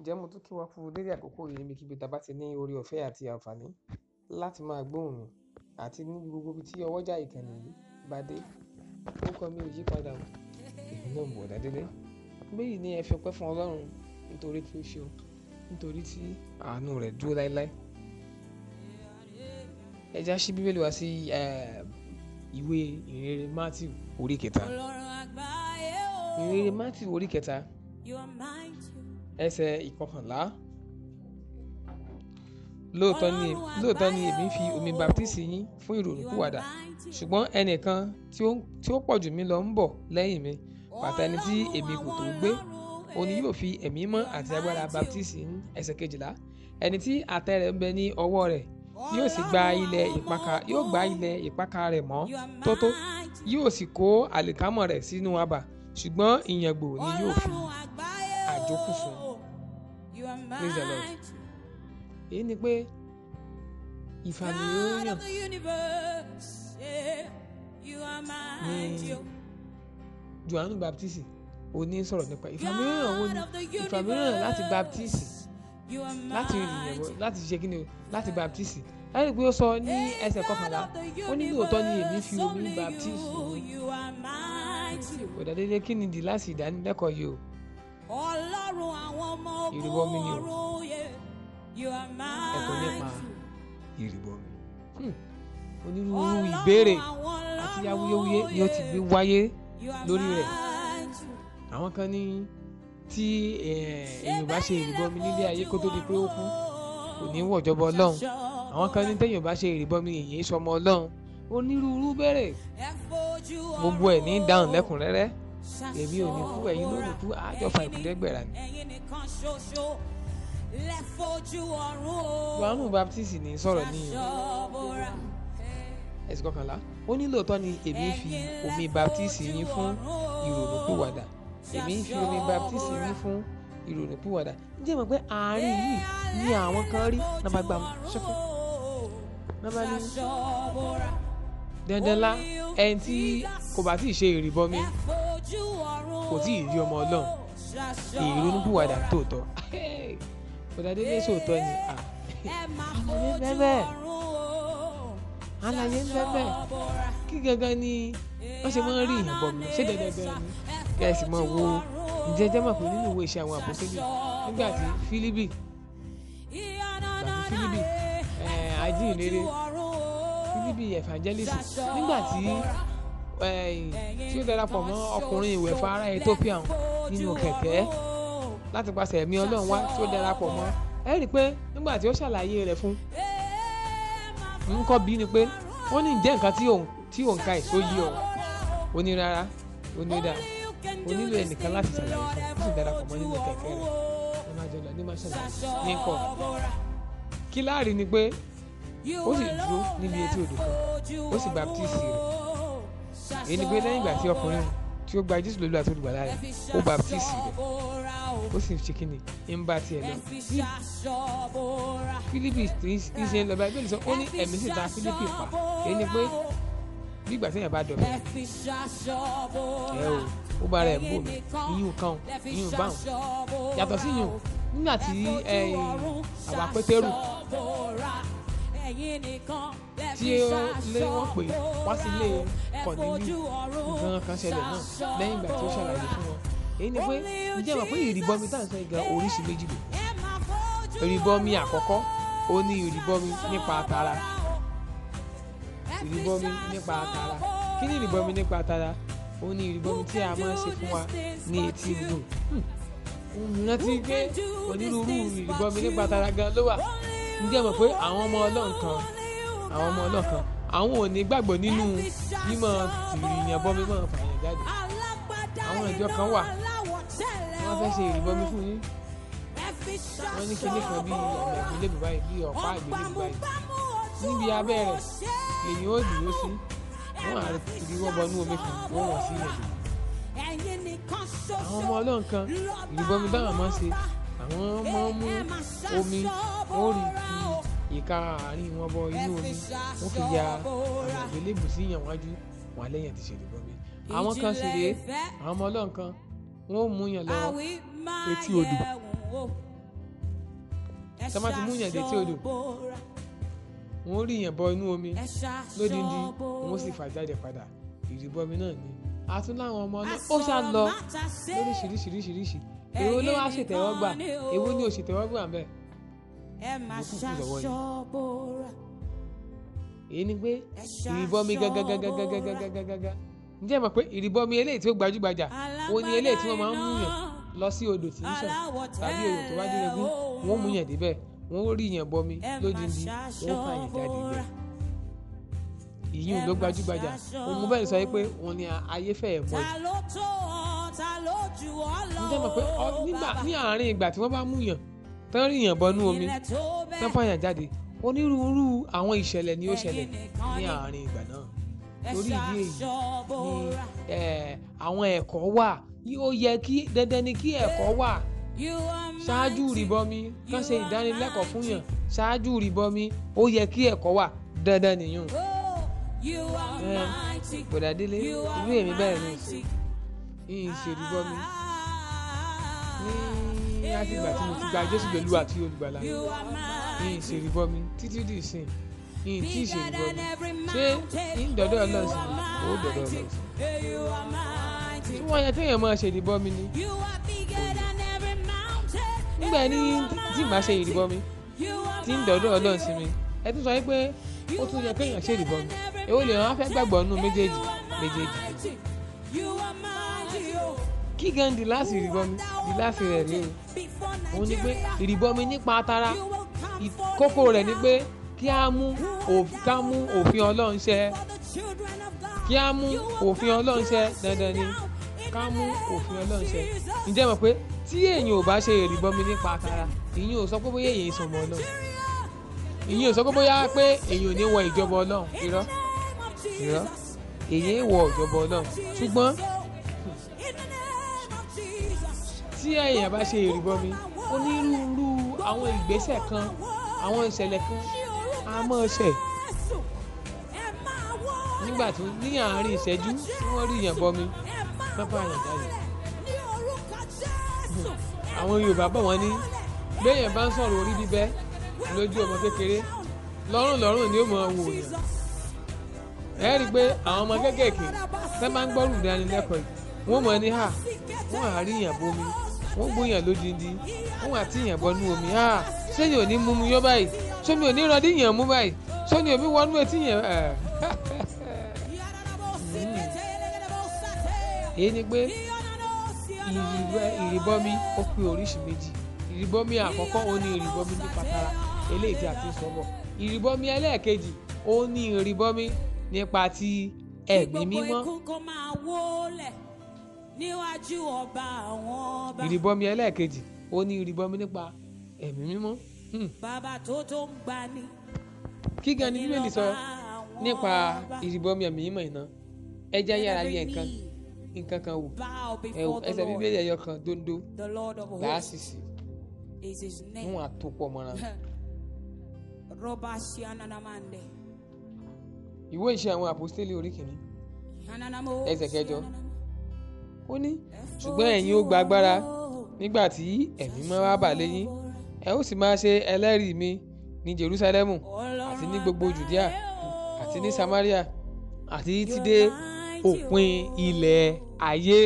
Ǹjẹ́ mo tún kí wa kú dédé àkókò yìí níbikíbi tí a bá ti ní oore ọ̀fẹ́ àti àǹfààní láti máa gbóhùn mi àti ní gbogbo ibi tí ọwọ́jà ìkànnì yìí bá dé. Orúkọ mi ò yí padà o. Èmi náà ni Bọ̀dá Délé. Béyìí ni ẹ fi ọpẹ́ fún Ọlọ́run nítorí tí ó ṣeun, nítorí tí àánú rẹ̀ dúró láíláí. Ẹ já ṣí Bíbélì wa sí, eh, ìwé ìhìnrere mati orí kẹta. Ìhìnrere mati orí kẹta ẹsẹ̀ ìkọkànlá lóòótọ́ ni lóòótọ́ ni èmi fi omi baptisi yín fún ìrònúpìwàdà ṣùgbọ́n ẹnìkan tí ó pọ̀ jù mí lọ ń bọ̀ lẹ́yìn mi bàtà ẹni tí èmi kò tó gbé òun ni yóò fi ẹ̀mí mọ́ àti agbára baptisi yín ẹsẹ̀ kejìlá ẹni tí àtẹ rẹ̀ ń bẹ ní ọwọ́ rẹ̀ yóò sì gba ilẹ̀ ìpakà yóò gba ilẹ̀ ìpakà rẹ̀ mọ́ tótó yóò sì kó àlìkámọ̀ rẹ̀ sínú abà ṣùgbọ́n ìyàngbò ni yóò fi tó kù fún praise the lord èyí ni pé ìfàmì oh. yóò yàn ní Jòhánù baptisi ó sọ̀rọ̀ nípa ìfàmì yóò yàn wo ìfàmì yóò yàn láti baptisi láti ìyẹ̀wò láti ṣe kí ni o láti baptisi láti pé ó sọ ní ẹsẹ̀ kọkànlá ó ní lóòótọ́ ni èmi fi omi baptisi òun kò kí ni di láti ìdánilẹ́kọ̀ọ́ yìí o ọlọ́run àwọn ọmọ ogun ọ̀run yẹ you are mighty. ẹ̀kọ́ nípa ìrìbọmi hmm. onírúurú ìbéèrè àti awuyewuye ni ó ti gbé wáyé lórí rẹ̀ àwọn kan ní tí eh, èèyàn bá ṣe ìrìbọmi nílé ayé kó tó di pé ó kú kò ní wọ̀jọba ọlọ́run àwọn kan ní téèyàn bá ṣe ìrìbọmi èèyàn sọmọ ọlọ́run onírúurú béèrè gbogbo ẹ̀ ní dáhùn lẹ́kùnrẹ́rẹ́ èmi ò ní kú ẹ̀yin ló ní kú àjọfà ìkúdẹ́gbẹ̀rà ni. Jòhánù Baptist ní sọ̀rọ̀ ní ẹ̀sìn kọkànlá ó ní lóòótọ́ ni èmi fi omi Baptist yín fún ìrònúpìwàdà èmi fi omi Baptist yín fún ìrònúpìwàdà ǹjẹ́ mọ̀ pé àárín yìí ni àwọn kan rí náà máa gbà ṣẹ́fún náà máa ní dandanlá ẹni tí kò bá tí ì ṣe ìrìbọmi kò tí ì rí ọmọ ọlọ́run ìrònúpìwàdà tòótọ́ ọ̀dàdé ní sòótọ́ ni àlàyé ń bẹ́ẹ̀ bẹ́ẹ̀ àlàyé ń bẹ́ẹ̀ bẹ́ẹ̀ kí gangan ni wọ́n ṣe máa ń rí ìyìnbọn mi ṣé dandan bẹ́ẹ̀ ni kẹ́sì máa wo ǹjẹ́ jẹ́ mọ̀ nínú ìwé iṣẹ́ àwọn àpòsílẹ̀ nígbà tí Fílípì àti Fílípì ajínrere Fílípì evangelist nígbà tí. Eh, tí ó darapọ̀ mọ́ ọkùnrin ìwẹ̀fà ará Ethiopia nínú kẹ̀kẹ́ láti pàṣẹ ẹ̀mí Ọlọ́run wá tí ó darapọ̀ mọ́ ẹ rí i pé nígbà tí ó ṣàlàyé rẹ̀ fún nǹkan bí ni pé wọ́n ní ǹjẹ́ nǹkan tí òun ka èso yí ọ ò ní rárá ò ní dà ó nílò ẹnìkan láti ṣàlàyé fún ó sì darapọ̀ mọ́ nínú kẹ̀kẹ́ rẹ̀ ẹ máa jọ lọ ní máa ṣàlàyé ní kọ́ kí láàrin ni pé ó sì dúró níbi etí odò kan ó sì baptisi rẹ̀ èyí ni pé lẹ́yìn ìgbà tí ọkùnrin tí ó gba jésù lólúwa àti olùgbàlà rẹ̀ ó baptisi rẹ̀ ó sì ṣe kíni ń bá tiẹ̀ lọ bí fílípì ń ṣe ń lọ báyìí bẹ́ẹ̀ sọ ó ní ẹ̀mí sì ta fílípì pa èyí ni pé bí ìgbà téèyàn bá dọ̀bẹ̀ ẹ o ó bá rẹ̀ bò mí iyún kan iyún báwọn yàtọ̀ sí yìnyín nígbà tí àwa pétérù ẹ̀yin nìkan lẹ fi ṣàṣọ pé wá sí ilé kọ̀nìlú nǹkan kan ṣẹlẹ̀ náà lẹ́yìn ìgbà tí ó ṣàlàyé fún wọn èyí ni pé ǹjẹ́ mọ̀ pé ìrìbọmi tá à ń sọ ìgbà oríṣi méjì lò ìrìbọmi àkọ́kọ́ ó ní ìrìbọmi nípa tara ìrìbọmi nípa tara kí ni ìrìbọmi nípa tara ó ní ìrìbọmi tí a máa ń ṣe fún wa ní etí gbò hmm. rántí pé onírúurú ìrìbọmi nípa tara gan ló wà ǹjẹ́ mọ̀ pé àwọn ọmọ ọlọ́run kan àwọn ọmọ ọlọ́run kan àwọn ò ní gbàgbọ́ nínú mímọ̀ tìrì ìyànbọ mímọ̀ fàyàn jáde àwọn ìjọ kan wà wọ́n fẹ́ ṣe ìrìbọmi fún yín wọ́n ní kíní kan bí ọ̀nà ìgbélébù báyìí bí ọ̀pá ìgbélébù báyìí níbi abẹ́ rẹ̀ lèyìn ó dúró sí wọ́n á tìrì wọ́n bọnú omi kan wọ́n wọ̀ sí ilẹ̀ àwọn ọmọ ọlọ́run kan ìrìbọmi báwọn máa ń ṣe àwọn ọmọ mú omi wọ́n fi oh. ìka àárín wọn bọ inú omi wọ́n fi ya àgbélébù sí ìyàn wájú wọn lẹ́yìn àti ṣèlú bọ́mí àwọn kan sì rèé àwọn ọmọ ọlọ́run kan wọ́n mú yàn lọ etí odò tọ́mọ́ ti mú yàn dé etí odò wọ́n rí yàn bọ inú omi lódindi wọ́n sì fà jáde padà ìrìbọmi náà ni a tún ọmọ náà ó ṣá lọ lóríṣiríṣiríṣiríṣi èwo ló wá ṣètẹ́wọ́gbà èwo ni ò ṣètẹ́wọ́gbà ń bẹ̀ èyí ni pé ìrìbọmi gangangangangangangangangangan ǹjẹ́ mọ̀ pé ìrìbọmi eléyìí tí ó gbajúgbajà ó ní eléyìí tí wọ́n lọ sí odò tí ń sàn tàbí odò tó bá dé wọ́n bọmi wọ́n fà yàn jáde bẹ́ẹ̀ ìyún ló gbajúgbajà òun bẹ́ẹ̀ sọ pé òun ni ayé fẹ́ ǹjẹ́ mọ̀ pé nígbà ní àárín ìgbà tí wọ́n bá mú yàn tán rí yàn bọnú omi tán fàyàn jáde onírúurú àwọn ìṣẹ̀lẹ̀ ni ó ṣẹlẹ̀ ní àárín ìgbà náà torí ìdí èyí ni àwọn ẹ̀kọ́ wà ó yẹ kí dandan ni kí ẹ̀kọ́ wà ṣáájú ìrìbọmi kán ṣe ìdánilẹ́kọ̀ọ́ fún yàn ṣáájú ìrìbọmi ó yẹ kí ẹ̀kọ́ wà dandan nìyẹn. bọ̀dà oh, délé ìlú èmi bẹ́ẹ̀ ni ìṣèlú ah, ah, bọ́ mi ah, ní láti ìgbà tí mo ti gba Jésù pẹ̀lú àti olùgbàlà mi ìṣèlú bọ́ mi títí dì sìn ní tí ìṣèlú bọ́ mi ṣé ní dọ́dọ̀ ọlọ́sìn ó dọ́dọ̀ ọlọ́sìn tí wọ́n yẹ téèyàn máa ṣèlú mi ni nígbà ní tí màá ṣe ìrìbọ mi tí ń dọ̀dọ̀ Ọlọ́run mi ẹ tún sọ pé ó tún yẹ kéèyàn ṣe mi èwo lè rán afẹ́ gbàgbọ́ nínú méjèèjì méjèèjì kí gan the last ìrìbọmi the last rẹ̀ rèé òun ni pé ìrìbọmi nípa tara kókó rẹ̀ ni pé kí á mú òfin ọlọ́run ṣẹ kí á mú òfin ọlọ́run ṣẹ dandan ni ká mú òfin ọlọ́run ṣẹ ǹjẹ́ mọ̀ pé tí èyàn ò bá ṣe ìrìbọmi nípa tara ìyẹn ò sọ pé bóyá èyàn ìsọmọ ọlọ́run ìyẹn ò sọ pé bóyá pé èyàn ò ní wọ ìjọba ọlọ́run irọ́ irọ́ èyàn ìwọ ìjọba ọlọ́run ṣùgbọ́n tí èèyàn bá ṣe ìrìbọmi onírúurú àwọn ìgbésẹ̀ kan àwọn ìṣẹ̀lẹ̀ kan a máa ṣẹ̀ nígbà tó ní àárín ìṣẹ́jú tí wọ́n rí ìyàn bọmi pápá àyàn jáde àwọn Yorùbá bọ̀ wọ́n ní béèyàn bá ń sọ̀rọ̀ orí bíbẹ́ lójú ọmọ kékeré lọ́rùn lọ́rùn ni ó mọ̀ wò yàn ẹ rí i pé àwọn ọmọ kéékèèké tẹ́ bá ń gbọ́rù dánilẹ́kọ̀ọ́ yìí wọ́n mọ̀ ní hà wọ́n àárín ìyàn bomi wọ́n gbóyàn lódindi wọ́n àti yàn bọnú omi ha sẹ́yìn ò ní mú mu yó báyìí sómi ò ní rán díyàn mú báyìí sómi ò ní wọnú etí yàn èyí ni pé ìrìbọmi ó pé oríṣi méjì ìrìbọmi àkọ́kọ́ ó ní ìrìbọmi ní patara eléyìí tí a ti sọ bọ̀ ìrìbọmi ẹlẹ́ẹ̀kejì ó ní ìrìbọmi nípa ti ẹ̀mí mímọ́ níwájú ọba àwọn ọba. ìrìbọmi ẹlẹ́ẹ̀kejì ó ní ìrìbọmi nípa ẹ̀mí mímọ́. Hmm. bàbá tó tó ń gbani. kí gan ni bíbélì sọ nípa ìrìbọmi ẹ̀mí mímọ́ iná ẹ jẹ́ yára yẹ nǹkan nǹkan kan wò ẹsẹ̀ bíbélì ẹ̀yọ kan dondo láàsìsì fún àtòpọ̀ mọ́ra. ìwé ìṣe àwọn àpòstélì orí kìíní ẹsẹ̀ kẹjọ ó ní ṣùgbọ́n ẹ̀yin ó gba agbára nígbà tí ẹ̀mí mímọ́ wá bà lé yín ẹ ó sì máa ṣe ẹlẹ́rìí mi ní Jerúsálẹ́mù àti ní gbogbo Jùdíà àti ní Samaria àti títí dé òpin ilẹ̀ ayé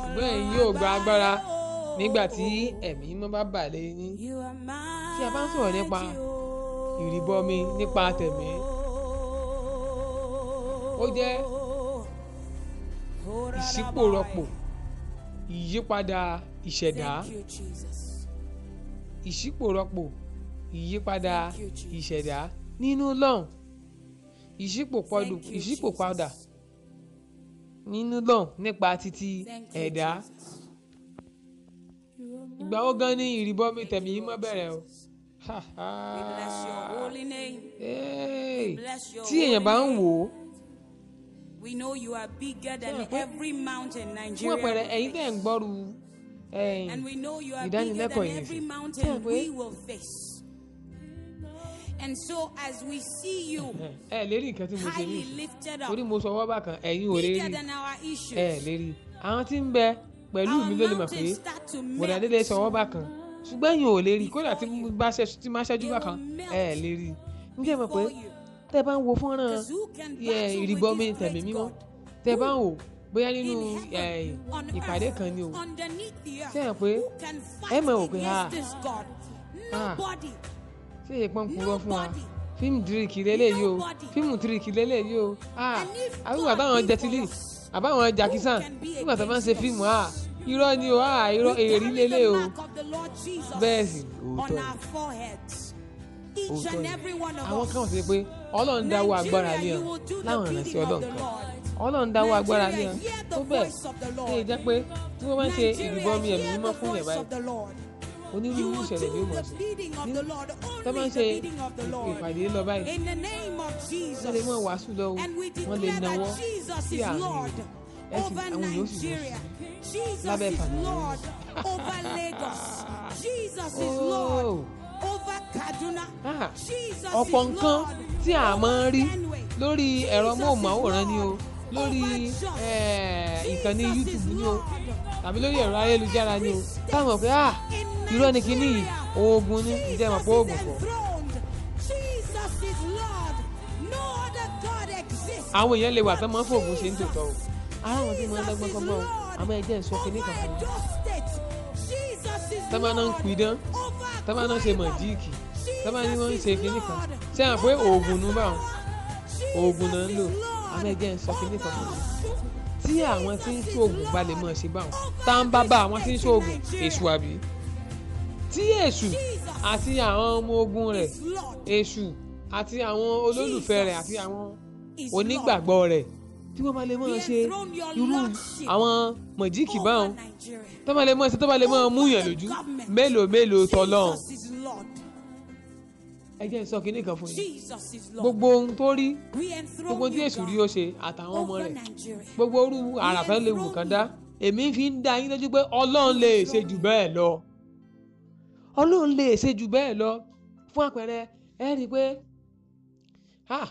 ṣùgbọ́n ẹ̀yin yóò gba nígbà tí ẹ̀mí mímọ́ bá bà yín tí a bá ń sọ̀rọ̀ nípa ìrìbọmi nípa tẹ̀mí ó jẹ́ ìṣípòrọ̀pọ̀ ìyípadà ìṣẹ̀dá ìṣípòrọ̀pọ̀ ìyípadà ìṣẹ̀dá nínú lọ́hùn ìṣípòpadà nínú lọ́hùn nípa titi ẹ̀dá ìgbà wo gan ni ìrìbọmi tẹ̀mí mọ́ bẹ̀rẹ̀ o tí èèyàn bá ń wò ó we know you are bigger than every mountain Nigeria. And we know you are bigger than every mountain we will face. And so as we see you highly lifted up, bigger than our issues. rí torí mo sọ wọ́n bá kan ò lè rí ẹ tí bá kan tí máa ṣẹ́jú bá kan ẹ lè rí nígbà mọ̀ pé tẹ́ bá ń wo fọ́nrán ìrìbọmi tẹ̀mí mímọ́ tẹ́ bá ń wò bóyá nínú eh, ìpàdé kan ni o sẹ́yìn pé ẹ mọ̀ ò pé ha ah, ah. ṣé èyí pọ́n kúrọ́ fún wa fíìmù díríkì lélẹ́yìí o fíìmù díríkì lélẹ́yìí o àbúrò àbáwọn jẹtìlì àbáwọn jàkísàn nígbà tó máa ń ṣe fíìmù a ah, irọ́ ni o a irọ́ èrí lélẹ́ o bẹ́ẹ̀ sì òótọ́ ni òótọ́ ni àwọn kan wọ́n ti pé ọlọ́run dáwọ́ agbára lé ọ láwọn ìrántí ọlọ́run kan ọlọ́run dáwọ́ agbára lé ọ tó bẹ́ẹ̀ ṣe é jẹ́ pé tí wọ́n bá ń ṣe ìdìbò mi ẹ̀mí mímọ́ fún yẹn báyìí onírúurú ìṣẹ̀lẹ̀ ló mọ̀ sí tó bá ń ṣe ìpàdé lọ báyìí wọ́n lè mọ̀ wàásù lọ wọ́n lè náwó sí àárín ẹ̀sìn àwọn yóò sì wọ́n sí lábẹ́ ìpàdé lọ́wọ́. Ah, ọ̀pọ̀ nǹkan tí a máa ń rí lórí ẹ̀rọ móhùnmáwòrán ni o lórí ìkànnì eh, YouTube ni o tàbí lórí ẹ̀rọ ayélujára ni o táwọn mọ̀ pé ah, irọ́ ni kíní oògùn ni ǹjẹ́ mọ̀ pé oògùn kọ́. àwọn èèyàn lè wà tán máa ń fòògùn ṣe ń tòótọ́ o ara wọn tí mo ń dọ́gbọ́n kọ́ mọ́ o àmọ́ ẹ jẹ́ ìsọkè ní kankan tán máa ń pidán tó bá náà ṣe mọ̀jíìkì tó bá ní wọ́n ń ṣe kinní kan ṣé à ń pé oògùn nu bá wọn oògùn náà ń lò amẹ́gẹ́ ń sọ kinní kan fún mi tí àwọn tí ń ṣoògùn bá lè mọ̀ ṣe bá wọn tá ń bá bá àwọn tí ń ṣoògùn èṣù àbí tí èṣù àti àwọn ọmọ ogun rẹ̀ èṣù àti àwọn olólùfẹ́ rẹ̀ àti àwọn onígbàgbọ́ rẹ̀ kí wọ́n máa lè máa ṣe irú àwọn mọ̀jíkì báwọn tó máa lè máa ṣe tó máa lè máa mú yàn lójú mélòó mélòó tọ́lọ́run. ẹ jẹ́ n sọ kinní kan fún yín gbogbo ohun tó rí gbogbo ohun tí èṣù rí ó ṣe àtàwọn ọmọ rẹ̀ gbogbo orú àràfẹ́ lè wù kán dá èmi fi ń dá yín lójú pé ọlọ́run lè ṣe jù bẹ́ẹ̀ lọ ọlọ́run lè ṣe jù bẹ́ẹ̀ lọ fún àpẹẹrẹ ẹ rí i pé ah,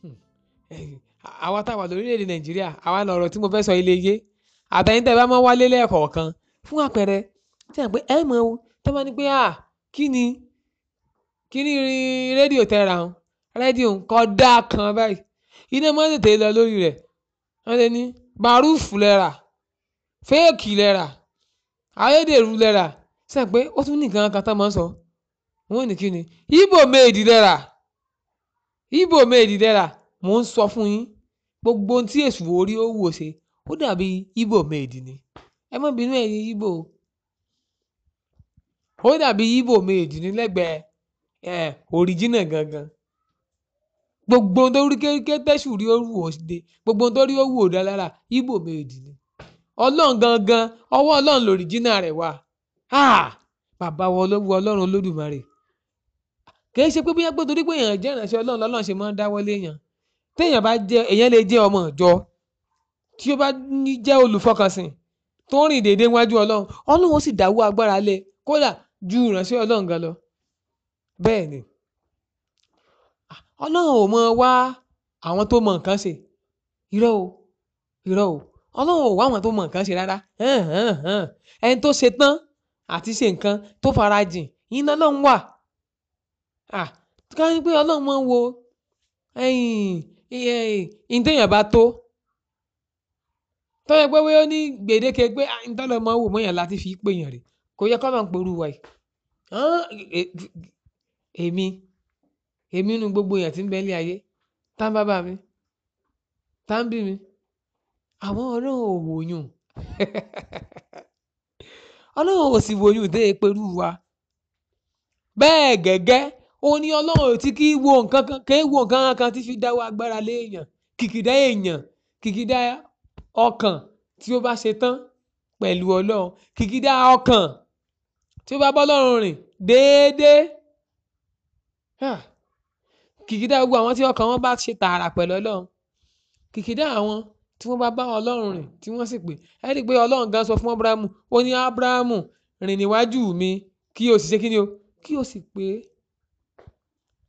hmm, àwa tá a wà lórílẹ̀‐èdè nàìjíríà àwa lọ̀rọ̀ tí mo fẹ́ sọ ilé yé àtẹ̀yìn tẹ́ ẹ bá mọ́ wálé lẹ́ẹ̀kọ̀ọ̀kan fún àpẹẹrẹ tí a pé ẹ mọ̀ o tẹ́ bá ní pé à kí ni kí ni rédíò tẹ́ra hàn rédíò nǹkan dá kan báyìí iná máa ń tètè lọ lórí rẹ̀ wọ́n ti ní bàrúfù lẹ́ra fẹ́ẹ̀kì lẹ́ra ayédèrú lẹ́ra ṣe pé ó tún ní nǹkan kan tán máa ń sọ wọ́n ní kí ni ibo méèdì lẹ́ra ibo méèdì lẹ́ra mò ń sọ fún yín Gbogbo ohun tí èṣù orí ó wò ṣe, ó dàbí Igbo made ni. Ẹ má bínú Igbo o. Ó dàbí Igbo ni ẹ gangan. Gbogbo tó rí kẹ́rikẹ́ tẹ́ṣù orí ó ṣe, gbogbo tó rí ó wò Igbo ni. Ọlọ́run gangan, ọwọ́ Ọlọ́run rẹ̀ wà. Bàbá Ọlọ́run Olódùmarè. Kì í ṣe pé torí pé èèyàn jẹ́ Ọlọ́run, ṣe máa ń téèyàn bá jẹ́ èèyàn lè jẹ́ ọmọ ìjọ tí ó bá jẹ́ olùfọkànsìn tó ń rìn déédéé wájú ọlọ́run ọlọ́run ó sì dáwọ́ agbára lé e kódà ju ìránṣẹ́ ọlọ́run gan lọ bẹ́ẹ̀ ni ọlọ́run ò mọ wá àwọn tó mọ nǹkan ṣe irọ́ o irọ́ o ọlọ́run ò wá àwọn tó mọ nǹkan ṣe rárá ẹni tó ṣe tán àti ṣe nǹkan tó farajìn iná ọlọ́run wà ká ní pé ọlọ́run mọ̀ ń wo n téèyàn bá tó tó yẹ pé bóyá ó ní gbèdéke pé ah, ntọ́lọ́mọ wò mọ́yàn láti fi pé èèyàn rè kò yẹ kọ́ máa ń porú wa yìí e, èmi èmi nu gbogbo èèyàn tí ń bẹ ilé ayé tá ń bàbá mi tá ń bí mi àwọn ọlọ́run ò wòyùn ọlọ́run ò sì wòyùn dé eperu wa bẹ́ẹ̀ gẹ́gẹ́ ó ní ọlọ́run ò ti kí wo nǹkan kan kí wo nǹkan kan ti fi dáwọ́ agbára lé èèyàn kìkìdá èèyàn kìkìdá ọkàn tí ó bá ṣe tán pẹ̀lú ọlọ́run kìkìdá ọkàn tí ó bá bọ́ lọ́rùn rìn déédéé kìkìdá gbogbo àwọn tí ọkàn wọn bá ṣe tààrà pẹ̀lú ọlọ́run kìkìdá àwọn tí wọ́n bá bá ọlọ́run rìn tí wọ́n sì pé ẹ rí i pé ọlọ́run gan sọ fún abrahamu ó ní abrahamu rìn níwájú mi kí o sì ṣe kí ni o kí o sì pé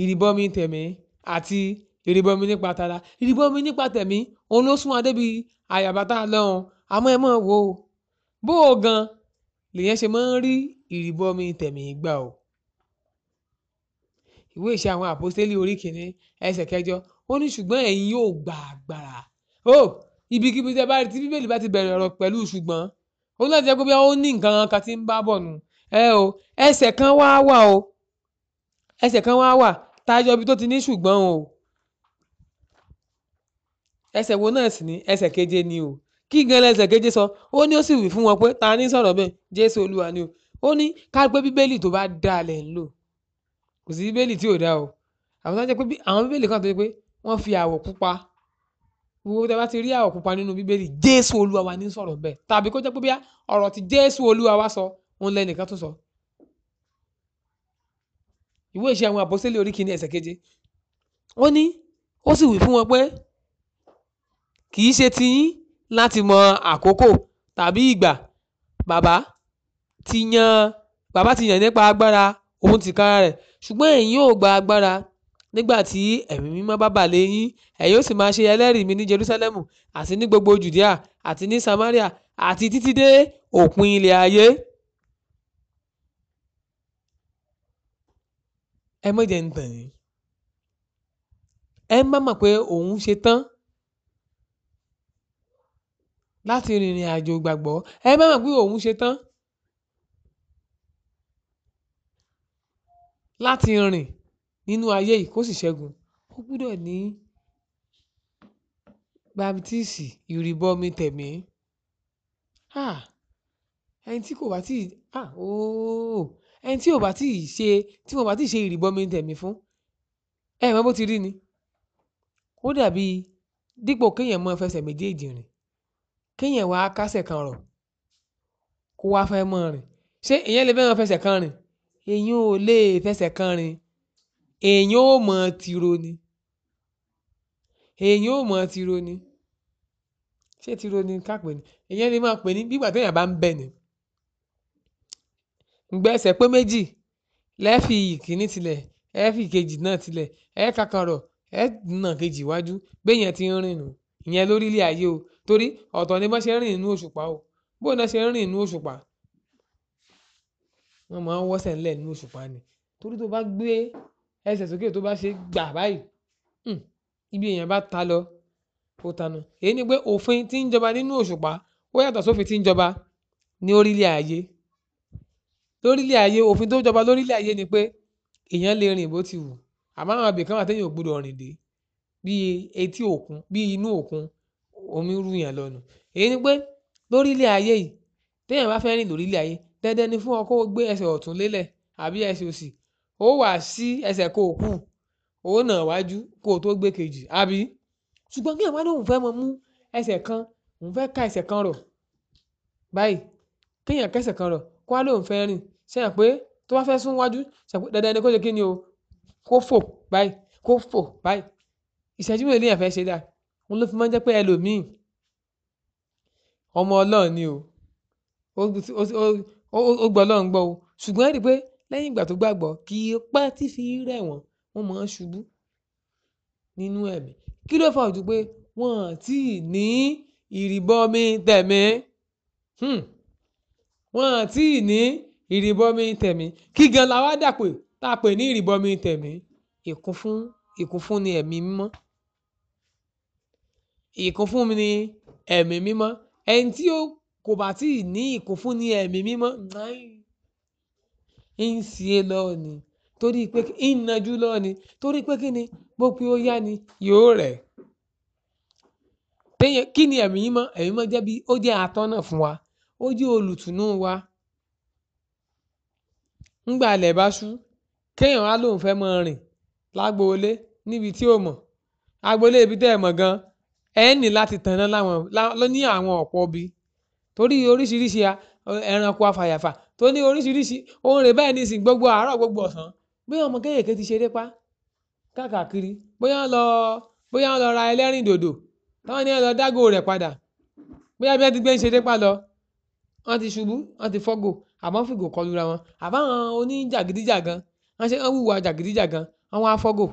ìrìbọmi tẹ̀mí àti ìrìbọmi nípa tara. Ìrìbọmi nípa tẹ̀mí, òun ló sún wa débi àyàbátà lọ́hun. Àmọ́ ẹ mọ̀ wò ó, bó o gan lèyẹn ṣe máa ń rí ìrìbọmi tẹ̀mí gbà o. Ìwé ìṣe àwọn Àpóstélì orí kìíní ẹsẹ̀ kẹjọ. Ó ní ṣùgbọ́n ẹ̀yin yóò gba agbára. Ó, ibikíbi tí ẹ bá rí tí Bíbélì bá ti bẹ̀rẹ̀ ọ̀rọ̀ pẹ̀lú ṣùgbọ́n, ó ní láti jẹ́ pé boya ó ní nǹkan kan tí ń bá bọ̀ nù. Ẹ o, ẹsẹ̀ kan wá wà o ẹsẹ̀ kan wá wà táyọ ibi tó ti ní ṣùgbọ́n o ẹsẹ̀ wo náà sì ní ẹsẹ̀ keje ni o kí gan lẹsẹ̀ keje sọ ó ní ó sì wí fún wọn pé ta ní sọ̀rọ̀ bẹ́ẹ̀ jésù olúwa ni o ó ní ká pé bíbélì tó bá dá a lẹ̀ ń lò kò sí bíbélì tí ò dá o àwọn tó ń jẹ́ pé àwọn bíbélì kan tó ń jẹ́ pé wọ́n fi àwọ̀ pupa gbogbo tí a bá ti rí àwọ̀ pupa nínú bíbélì jésù olúwa wa ní sọ̀rọ̀ bẹ́ẹ̀ tàbí kó jẹ́ pé bí ọ̀rọ̀ tí jésù olúwa wa sọ òun lẹ́nìkan tó sọ ìwé ìṣe àwọn àpọ́sítélì orí kìíní ẹsẹ̀ keje ó ní ó sì wí fún wọn pé kì í ṣe tiyín láti mọ àkókò tàbí ìgbà bàbá ti yan bàbá ti yàn nípa agbára òun tìkára rẹ̀ ṣùgbọ́n ẹ̀yin yóò gba agbára nígbà tí ẹ̀mí mímọ́ bá bà lé yín ẹ̀yin yóò sì máa ṣe ẹlẹ́rìí mi ní Jerúsálẹ́mù àti ní gbogbo Jùdíà àti ní Samaria àti títí dé òpin ilẹ̀ ayé. ẹ má jẹ́ n tàn yín ẹ má mọ̀ pé òun ṣe tán láti rìnrìn àjò ìgbàgbọ́ ẹ má mọ̀ pé òun ṣe tán láti rìn nínú ayé yìí kó sì ṣẹ́gun ó gbúdọ̀ ní baptisi ìrìbọmi tẹ̀mí ẹni tí kò bá tí ì ooo ẹni tí ò bá tí ì ṣe tí mo bá tí ì ṣe ìrìbọmi tẹ̀mí fún ẹ mọ bó ti rí ni. Ó dàbí dípò kéèyàn mọ́ fẹsẹ̀ méjèèjì rìn, kéèyàn wá kásẹ̀ kan rọ̀ kó wá fẹ́ mọ́ rìn. Ṣé èèyàn lè fẹ́ mọ́ fẹsẹ̀ kan rìn? Èèyàn ò lè fẹsẹ̀ kan rìn. Èèyàn ó mọ̀ tìró ni. Èèyàn ó mọ̀ tìró ni. Ṣé tìró ni ká pè é ni? lè máa pè ní bí ìgbà tí bá ń bẹ̀ ni. Ǹgbẹ́ ẹsẹ̀ pé méjì, lẹ́ fi ìkíní tilẹ̀, ẹ fi ìkejì náà tilẹ̀, ẹ kákanrọ̀, ẹ nà kejì iwájú. Bé ti ń rìn nù. Ìyẹn lórí ilẹ̀ ayé o. Torí ọ̀tọ̀ ni bó ṣe ń rìn nínú òṣùpá o. Bó ni wọ́n ṣe ń rìn nínú òṣùpá? Wọ́n máa ń wọ́sẹ̀ ńlẹ̀ nínú òṣùpá ni. Torí tó bá gbé ẹsẹ̀ sókè tó bá ṣe gbà báyìí, hmm, ibi èèyàn bá ta lọ, ó tanu. Èyí ni pé òfin tí ń jọba nínú òṣùpá ó yàtọ̀ sí òfin tí ń jọba ní orí ayé lórílẹ̀ ayé òfin tó jọba lórílẹ̀ ayé ni pé èèyàn lè rìn bó ti wù àmọ́ àwọn ibìkan wà téèyàn ò gbọdọ̀ rìn dé bíi etí òkun bíi inú òkun omi rú yàn lọ́nu èyí ni pé lórílẹ̀ ayé yìí téèyàn bá fẹ́ rìn lórílẹ̀ ayé dandan ni fún ọ o gbé ẹsẹ̀ ọ̀tún lélẹ̀ àbí ẹsẹ̀ òsì ó wà sí ẹsẹ̀ kó o kù ó nà wájú kó o tó gbé kejì àbí ṣùgbọ́n kí àwọn àdéhùn fẹ́ mọ mú ẹsẹ̀ kan òun fẹ́ ká ẹsẹ̀ kan rọ̀ báyìí kéèyàn kẹsẹ̀ kan rọ̀ kó wá lóun fẹ́ rìn ṣe hàn pé tó bá fẹ́ sún wájú ṣe hàn pé dandan ni kó ṣe kí ni o kó fò báyìí kó fò báyìí ìṣẹ́jú mélòó lèèyàn fẹ́ ṣe dà òun ló fi máa ń jẹ́ pé ẹlòmíì ọmọ ọlọ́run ni o ó gbọ́ ọlọ́run gbọ́ o ṣùgbọ́n ẹ rí i pé lẹ́yìn ìgbà tó gbàgbọ́ kì í pẹ́ tí fi rẹ̀ wọ́n wọ́n máa ń ṣubú nínú ẹ̀mí kí ló fà ojú pé wọ́n ti ní ìrìbọmi tẹ̀mí. Hmm wọn à tí ì ní ìrìbọmi tẹ̀mí kí gan la wá dà tá a pè ní ìrìbọmi tẹ̀mí ìkún fún ni ẹ̀mí mímọ́ ìkún ni ẹ̀mí mímọ́ ẹni tí ó kò bá tí ní ìkún fún ni ẹ̀mí mímọ́ ń ṣe lọ́ọ̀ ni torí pé ń najú lọ́ọ̀ ni torí pé kí ni gbogbo ó yá ni yóò rẹ̀ kí ni ẹ̀mí mímọ́ ẹ̀mí mímọ́ jẹ́ bí ó jẹ́ atọ́nà fún wa ó jẹ́ olùtùnú wa. Nígbà ilẹ̀ bá ṣú, kéèyàn wá lóun fẹ́ máa rìn lágboolé níbi tí ò mọ̀. Agboolé ibi tẹ́ ẹ mọ̀ gan, ẹ ní láti taná láwọn ló ní àwọn ọ̀pọ̀ ibi. Torí oríṣiríṣi ẹranko afàyàfà tó ní oríṣiríṣi òun rè báyìí nísìnyí gbogbo àárọ̀ gbogbo ọ̀sán. Bóyá ọmọ kéékèèké ti ṣeré pá káàkakiri, bóyá wọ́n lọ, bóyá wọ́n lọ ra ẹlẹ́rìndòdò, táwọn ní wọ́n lọ dágo rẹ̀ padà, bóyá ibi tí wọ́n ti gbé ń ṣeré pá lọ wọ́n ti ṣubú wọ́n ti fọ́gò àbọ̀ ń fìgò kọlura wọn àbáwọn oníjàgídíjàgan wọ́n ṣe wọ́n hùwà jàgídíjàgan wọ́n wá fọ́gò.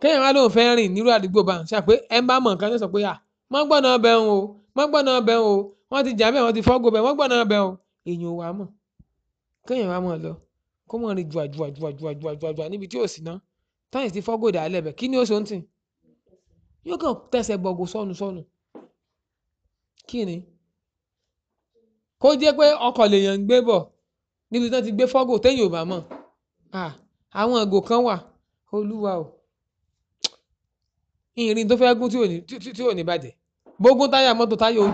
kéèyàn wá lóun fẹ́ rìn nírú àdúgbò bá ń ṣàpé ẹ ń bá mọ̀ nǹkan tó sọ pé à mọ́ gbọ́nà ọbẹ̀ ń o mọ́ gbọ́nà ọbẹ̀ ń o wọ́n ti jà bẹ́ẹ̀ wọ́n ti fọ́gò bẹ́ẹ̀ mọ́ gbọ́nà ọbẹ̀ ń o èèyàn wà mọ̀ kéèyàn wá mọ̀ lọ kó mọ̀ rìn jùwà níbi tí ò sí ná táyì ti fọ́gò dà á kí ni ó so ń tì yóò kàn tẹ̀sẹ̀ bọ̀gù sọnù sọnù kí ni kó jẹ́ pé ọkọ̀ lèèyàn ń gbé bọ̀ níbi tí wọ́n ti gbé fọ́gò téèyàn ò bá mọ̀ àwọn àgò kan wà olúwa o irin tó fẹ́ gún tí ò ní bàjẹ́ bógún táyà mọ́tò táyà ó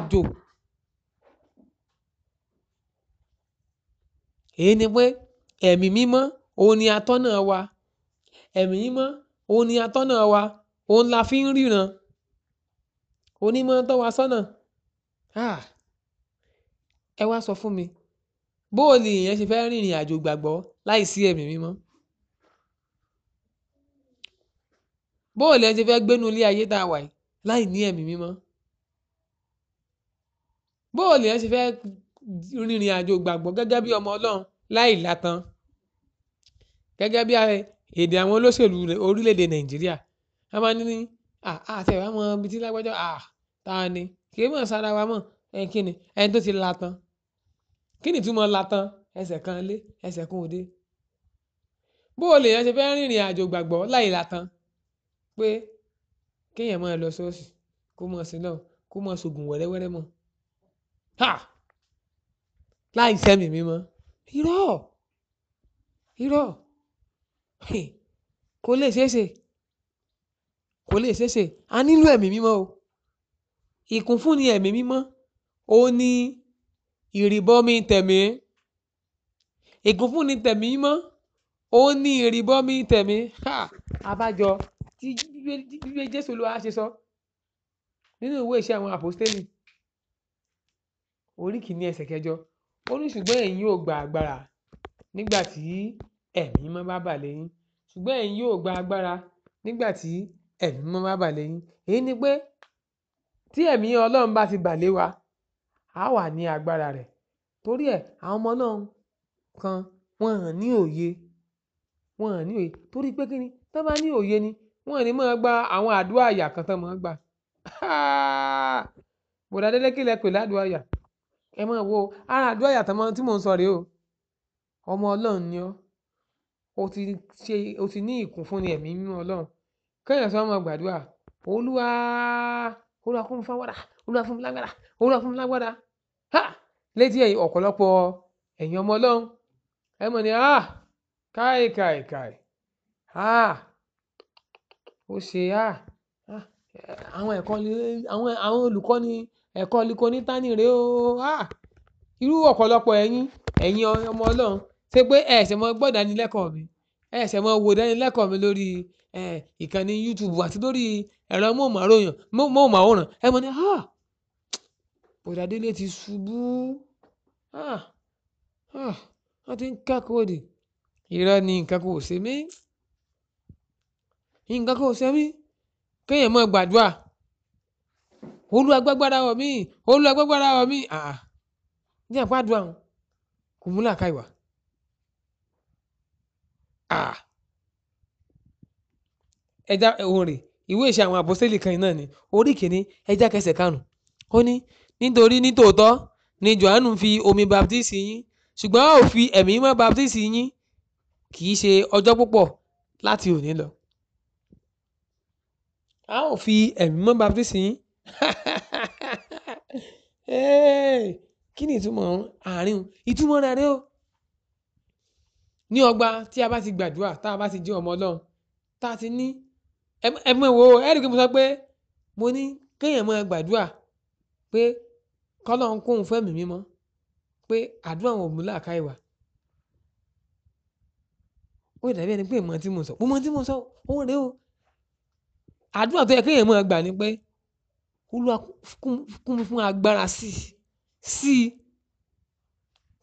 èyí ni pé ẹ̀mí mímọ́ òun ni atọ́nà wa ẹ̀mí mímọ́ òun ni atọ́nà wa òun la fi ń ríran onímọ̀ tọ́ wa sọ́nà ẹ wá sọ fún mi bó ni lè èèyàn ṣe fẹ́ rìnrìn àjò gbàgbọ́ láìsí ẹ̀mí mímọ́ bó o lè ṣe fẹ́ gbénu ilé ayé tá a wà yìí láì ní ẹ̀mí mímọ́ bó o lè ṣe fẹ́ rìnrìn àjò gbàgbọ́ gẹ́gẹ́ bí ọmọ Ọlọ́run láì látan gẹ́gẹ́ bí èdè àwọn olóṣèlú orílẹ̀-èdè Nàìjíríà a máa ní àtẹ̀wá mọ ibi tí lágbájá ta ni kì í mọ̀ sára wa mọ̀ ẹ̀ kí ni ẹni tó ti látan kí ni ìtumọ̀ latan ẹsẹ̀ kan lé ẹsẹ̀ kan òde bó o lè yẹn ṣe fẹ́ rìnrìn àjò gbàgbọ́ láì latan pé kéèyàn máa lọ ṣọ́ọ̀ṣì kó máa sí náà kó máa ṣògùn wẹ́rẹ́wẹ́rẹ́ mọ́ ha láì sẹ́mi mímọ́ irọ́ irọ́ kò lè ṣeéṣe kò lè ṣeéṣe a nílò ẹ̀mí mímọ́ o ìkúnfúnni ẹ̀mí mímọ́ òun ni ìrìbọmi tẹ̀mí ìgúnfúnni tẹ̀mí mọ́ òun ni ìrìbọmi tẹ̀mí ha abájọ tí bíbélì Jésù Olúwa ṣe sọ nínú ìwé iṣẹ́ àwọn àpòstélì orí kìíní ẹsẹ̀ kẹjọ ó ní ṣùgbọ́n ẹ̀yin yóò gba agbára nígbà tí ẹ̀mí mímọ́ bá bà lé yín ṣùgbọ́n ẹ̀yin yóò gba agbára nígbà tí ẹ̀mí mímọ́ bá bà lé yín èyí ni pé tí ẹ̀mí Ọlọ́run bá ti bà lé wa á wà ní agbára rẹ̀. Torí ẹ̀, àwọn ọmọ náà kan wọ́n hàn ní òye. Wọ́n hàn ní òye torí pé kí ni? Tí bá ní òye ni, wọ́n ò ní gba àwọn àdúrà àyà kan tí wọ́n gba. Bọ̀dá Délé kí lẹ pè ládùrá àyà? Ẹ máa wò Ara àdúrà àyà tí mò ń sọ rè o. Ọmọ Ọlọ́run ni ọ́. O ti ṣe, o ti ní ìkún fún ẹ̀mí mímọ́ Ọlọ́run. Kí èèyàn ṣe wá gbàdúrà. Olúwa! olúwa fún mi fáwọ́dà olúwa fún mi lágbára olúwa fún mi ha létí ẹ̀yìn ọ̀pọ̀lọpọ̀ ẹ̀yìn ọmọ ọlọ́run ẹ mọ̀ ní ha káì káì káì ha ó ṣe ha àwọn ẹ̀kọ́ àwọn àwọn olùkọ́ni ẹ̀kọ́ likonítánì rèé o ha irú ọ̀pọ̀lọpọ̀ ẹ̀yìn ẹ̀yìn ọmọ ọlọ́run ṣe pé ẹ̀ṣẹ̀ mọ gbọ́ dánilẹ́kọ̀ọ́ mi ẹ̀ṣẹ̀ mọ wò dánilẹ́kọ̀ọ́ mi lórí ìkànnì YouTube àti lórí ẹ̀rọ móhùnmáwòrán ẹ mọ̀ ní ah ti ṣubú wọ́n ti ń kákòdì ni nǹkan kò ṣe mí nǹkan kò ṣe mí kéèyàn máa gbàdúrà olùwàgbàgbàrà wọ̀ mí olùwàgbàgbàrà wọ̀ mí ní àpá àdúrà kò múlà ẹja òun rè ìwé ìṣe àwọn àpọ́sítélì kan náà ni orí kìíní ẹja kẹsẹ̀ karùn-ún ó ní nítorí nítòótọ́ ni Jòhánù fi omi baptisi yín ṣùgbọ́n ó fi ẹ̀mí mọ́ baptisi yín kì í ṣe ọjọ́ púpọ̀ láti òní lọ a ó fi ẹ̀mí mọ́ baptisi yín kí ni ìtumọ̀ àárín o ìtumọ̀ rẹ̀ o ní ọgbà tí a bá ti gbàdúrà tá a bá ti jẹ́ ọmọ Ọlọ́run tá a ti ní ẹ mọ̀ wo ẹ rí i pé mo sọ pé mo ní kéèyàn máa gbàdúrà pé kọ́lọ́n kóhun fún ẹ̀mí mímọ́ pé àdúrà wọn ò mú làákàyè wá. ó dàbí ẹni pé ìmọ̀ tí mo sọ mo tí mo sọ òun rèé o àdúrà tó yẹ kéèyàn máa gbà ni pé Olúwa kún mi fún agbára sí sí i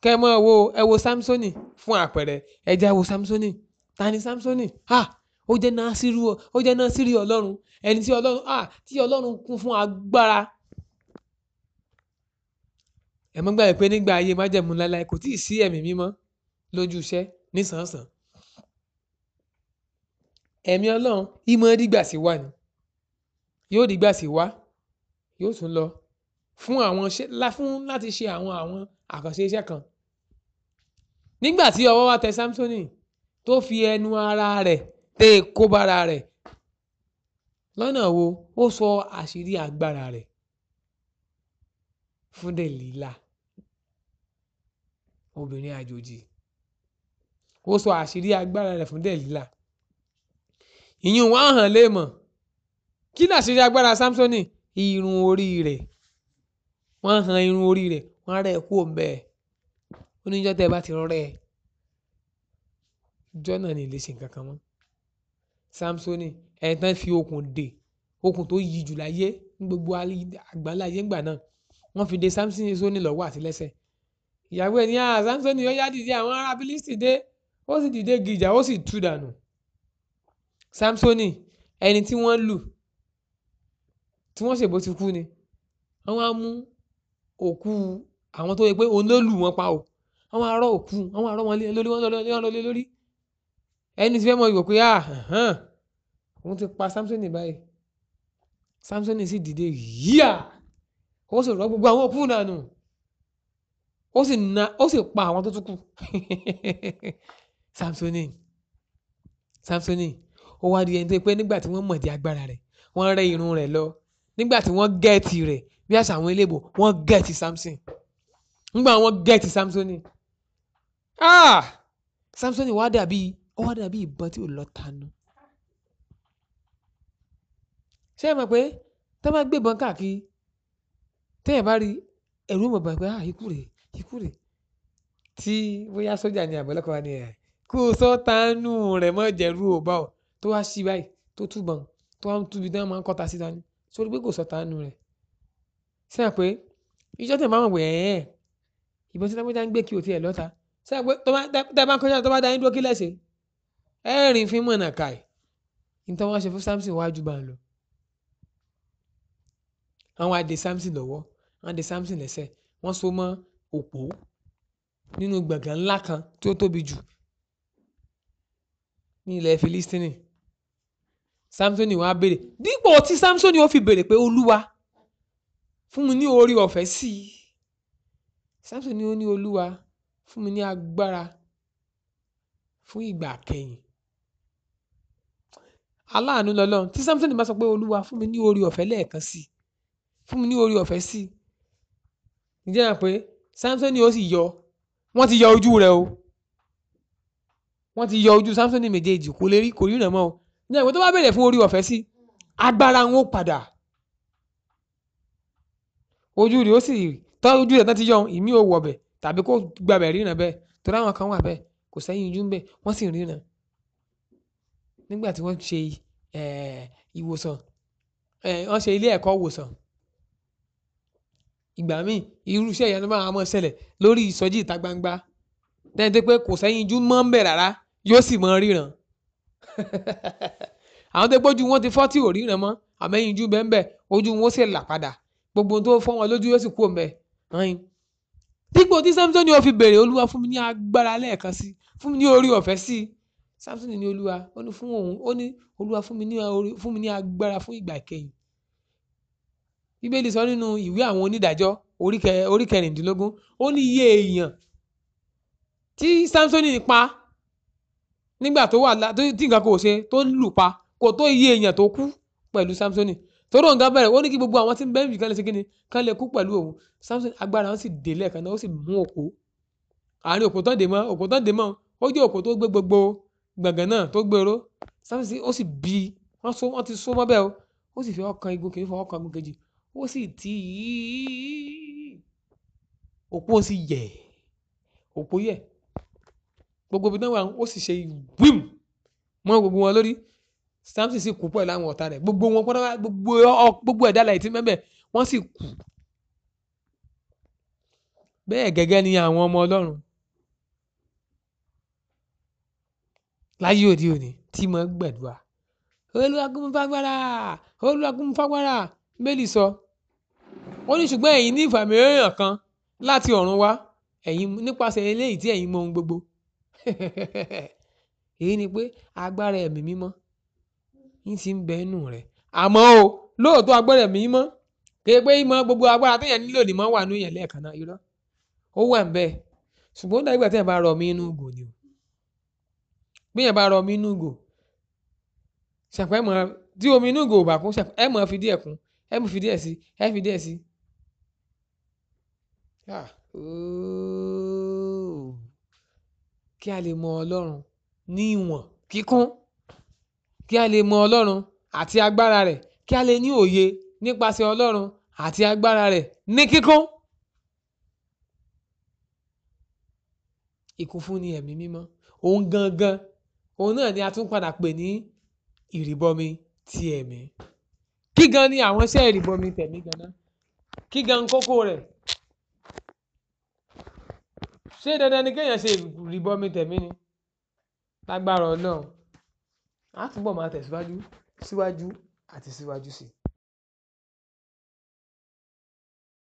kẹ́ ẹ mọ̀ wo ẹ wo Samsoni fún àpẹẹrẹ ẹ já wo Samsoni ta ni Samsoni ha. Ah! ó jẹ́ Násírù, ó jẹ́ Násírì Ọlọ́run, ẹni tí Ọlọ́run, à, tí Ọlọ́run kún fún agbára. Ẹ mọ́ gbàgbé pé nígbà ayé májẹ̀mú láíláí kò tíì sí ẹ̀mí mímọ́ lójú iṣẹ́ nísànsàn. Ẹ̀mí Ọlọ́run ìmọ̀ dígbà sí wà ni. Yóò dígbà sí wá, yóò tún lọ fún àwọn ṣẹ́, fún láti ṣe àwọn àwọn àkànṣe iṣẹ́ kan. Nígbà tí ọwọ́ wá tẹ Sámsónì tó fi ẹnu ara rẹ̀ tẹ kó bára rẹ̀. Lọ́nà wo? Ó sọ àṣírí agbára rẹ̀ fún Delilah, obìnrin àjòjì. Ó sọ àṣírí agbára rẹ̀ fún Delilah. Ìyun wá hàn lé mọ̀. Kí ni àṣírí agbára Samsoni? Irun orí rẹ̀. Wọ́n han irun orí rẹ̀, wọ́n rẹ́ kúrò ńbẹ̀. Ó ní ijọ́ bá ti rọrẹ́ ẹ, ijọ́ ni lè ṣe nǹkan kan mọ́. Samsoni, ẹni tí fi okùn dè, okùn tó yí jù láyé ní gbogbo àgbáńlá ayé ìgbà náà. Wọ́n fi dè Samsoni lọ́wọ́ àti lẹ́sẹ̀. Ìyàwó ẹ ní, "àh ah, Samsoni, ó dìde, àwọn ará Filisti dé." Ó sì dìde gìjà, ó sì tú dànù. Samsoni, ẹni tí wọ́n lù, tí wọ́n ṣèbó ti kú ni. Wọ́n wá mú òkú àwọn tó jẹ pé òun ló lù wọ́n pa ò. Wọ́n wá òkú, wọ́n wá wọn lé wọn lórí, wọ́n lọ́ lórí ẹni tí fẹ́ mọ ìwò pé ah, òun ti pa Samsoni báyìí Samsoni sì dìde yíyà ó sì rọ gbogbo àwọn òkú nànú ó na ó sì pa àwọn tó tún kù Samsoni Samsoni ó wá di ẹni tó pé nígbà tí wọ́n mọ̀ di agbára rẹ̀ wọ́n rẹ́ irun rẹ̀ lọ nígbà tí wọ́n gẹ̀ẹ́tì rẹ̀ bí àṣà àwọn eléèbò wọ́n gẹ̀ẹ́tì Samson nígbà wọ́n gẹ̀ẹ́tì Samsoni ah wá dàbí ó wá dàbí ìbọn tí ò lọ tanu. Ṣé ẹ mọ̀ pé tí wọ́n bá gbé ìbọn káàkiri, tí ẹ̀yin bá rí, ẹ̀rù mọ̀ bà pé "à ah, ikú rè, ikú rè." Tí bóyá sójà ni àbí ọlọ́pàá ni ẹ̀, eh, "kó sọ tánú rẹ̀ mọ́ jẹ̀rú ò bá ọ." Tó wá sí báyìí, tó túbọ̀n, tó wá ń tú ibi tí wọ́n máa ń kọ́ta sí dání, sórí pé kò sọ tánú rẹ̀. Ṣé ẹ mọ̀ pé ijọ́ tí ẹ̀ bá mọ̀ pé ẹ̀hen eh, eh, ìbọn tí lágbájá ń gbé kì í ò ẹ̀ lọ́ta. Ṣé ẹ mọ̀ pé tó bá, kọjá, tó bá dá dúró kí lẹ̀ ẹ̀rín fi mọ̀nà kàì nítorí wọ́n ṣe fún Samson wájú bá ń lọ. àwọn adé Samson lọ́wọ́ wọ́n adé Samson lẹ́sẹ̀ wọ́n so mọ́ òpó nínú gbọ̀ngàn ńlá kan tí ó tóbi jù ní ilẹ̀ Filistini Samson wá béèrè dípò tí Samson ó fi béèrè pé olúwa fún mi ní orí ọ̀fẹ́ sí i Samson ó ní olúwa fún mi ní agbára fún ìgbà kẹyìn aláàánú lọ́lọ́run tí Samson bá sọ pé olúwa fún mi ní oore ọ̀fẹ́ lẹ́ẹ̀kan sí fún mi ní oore ọ̀fẹ́ sí ǹjẹ́ yàn pé Samson ó sì yọ wọ́n ti yọ ojú rẹ̀ o wọ́n ti yọ ojú Samson méjèèjì kò lè rí kò ríran mọ́ o ǹjẹ́ ìwé tó bá béèrè fún oore ọ̀fẹ́ sí agbára wọn ó padà ojú rẹ̀ ó sì tọ́ ojú rẹ̀ tán ti yọ ìmí ò wọ̀ bẹ̀ tàbí kó gbàbẹ̀ ríran bẹ́ẹ̀ torí àwọn kan wà bẹ́ẹ̀ kò sẹ́yìn ojú ń bẹ̀ wọ́n sì ríran nígbà tí wọ́n ṣe ìwòsàn wọ́n ṣe ilé ẹ̀kọ́ ìwòsàn. Ìgbà míì irú iṣẹ́ ìyanu báun a máa ṣẹlẹ̀ lórí ìsọjí ìta gbangba tẹ́ni tó pé kò sẹ́yinjú mọ́ ń bẹ̀ rárá yóò sì máa ríran. Àwọn tó pé ojú wọn ti fọ́ tí ò ríran mọ́ àmọ́ ẹyinjú ń bẹ ń bẹ̀ ojú wọn sì là padà gbogbo ohun tó fọ́ wọn lójú yóò sì kúrò ń bẹ̀. Dípò tí Sámsónì ó fi bèrè Olúwa fún mi ní agbára lẹ́ẹ̀kan sí fún mi ní oore ọ̀fẹ́ sí Samsoni ní Olúwa, ó ní fún òun, ó ní Olúwa fún mi ní oore, fún mi ní agbára fún ìgbà kẹ́yìn. Bíbélì sọ nínú ìwé àwọn onídàájọ́ orí kẹrìndínlógún, ó ní iye èèyàn tí Samsoni pa nígbà tó wà lá, tí nǹkan kò ṣe, tó lù pa, kò tó iye èèyàn tó kú pẹ̀lú Samsoni. Torí òun gan bẹ̀rẹ̀, ó ní kí gbogbo àwọn tí ń bẹ níbi kan lè ṣe kíni, kan lè kú pẹ̀lú òun. Samsoni agbára wọn sì dé lẹ́ẹ̀kan náà, ó sì mú òkú. Àárín òkú tán dè mọ́, òkú tán dè mọ́, ó jẹ́ òkú tó gbé gbogbo gbọ̀ngàn náà tó gbèrò Sámúẹ́lì ó sì bí wọ́n so wọ́n ti so mọ́ bẹ́ẹ̀ o ó sì fi ọkàn igun kìíní fọwọ́ kan igun kejì ó sì ti òpó ó sì yẹ̀ òpó yẹ̀ gbogbo ibi náà wà ó sì ṣe wíìm mọ́ gbogbo wọn lórí Sámúẹ́lì sì kú pọ̀ láwọn ọ̀tá rẹ̀ gbogbo wọn pọ́nlá gbogbo ẹ̀dá láì tí mẹ́mẹ́ wọ́n sì kú bẹ́ẹ̀ gẹ́gẹ́ ni àwọn ọmọ Ọlọ́run láyé òde òní tí mo ń gbàdúrà. Olúwa fún mi fágbára, Olúwa fún mi fágbára. Bíbélì sọ. Ó ní ṣùgbọ́n ẹ̀yin ní ìfàmìràn kan láti ọ̀run wá. Ẹ̀yin nípasẹ̀ eléyìí tí ẹ̀yin mọ ohun gbogbo. Èyí ni pé agbára ẹ̀mí mímọ́ ń ti ń bẹ inú rẹ̀. Àmọ́ o, lóòótọ́ agbára ẹ̀mí mímọ́ kì í pé ìmọ̀ gbogbo agbára tí èèyàn nílò ni máa ń wà nínú èèyàn lẹ́ẹ̀kan náà. Irọ́. Ó wà níbẹ̀. Ṣùgbọ́n ó dàbí ìgbà tí èèyàn bá rọ̀ mí inú ògo ni o bí èèyàn bá rọ omi inú ìgò ṣẹ̀pẹ́ mọ̀ tí omi inú ìgò ò bá kún ṣẹ̀pẹ́ ẹ mọ̀ fi díẹ̀ kún ẹ mọ̀ fi díẹ̀ sí ẹ fi díẹ̀ sí. Ah, kí a lè mọ Ọlọ́run ní ìwọ̀n kíkún kí a lè mọ Ọlọ́run àti agbára rẹ̀ kí a lè ní òye nípasẹ̀ Ọlọ́run àti agbára rẹ̀ ní kíkún. ìkúnfún ni ẹ̀mí mímọ́ òun gangan òun náà ni a tún padà pè ní ìrìbọmi ti ẹ̀mí kí gan ni àwọn iṣẹ́ ìrìbọmi tẹ̀mí gan-an kí gan kókó rẹ̀ ṣé dandan ni kéèyàn ṣe ìrìbọmi tẹ̀mí ni lágbára Ọlọ́run a túbọ̀ máa tẹ̀síwájú síwájú àti síwájú sí i.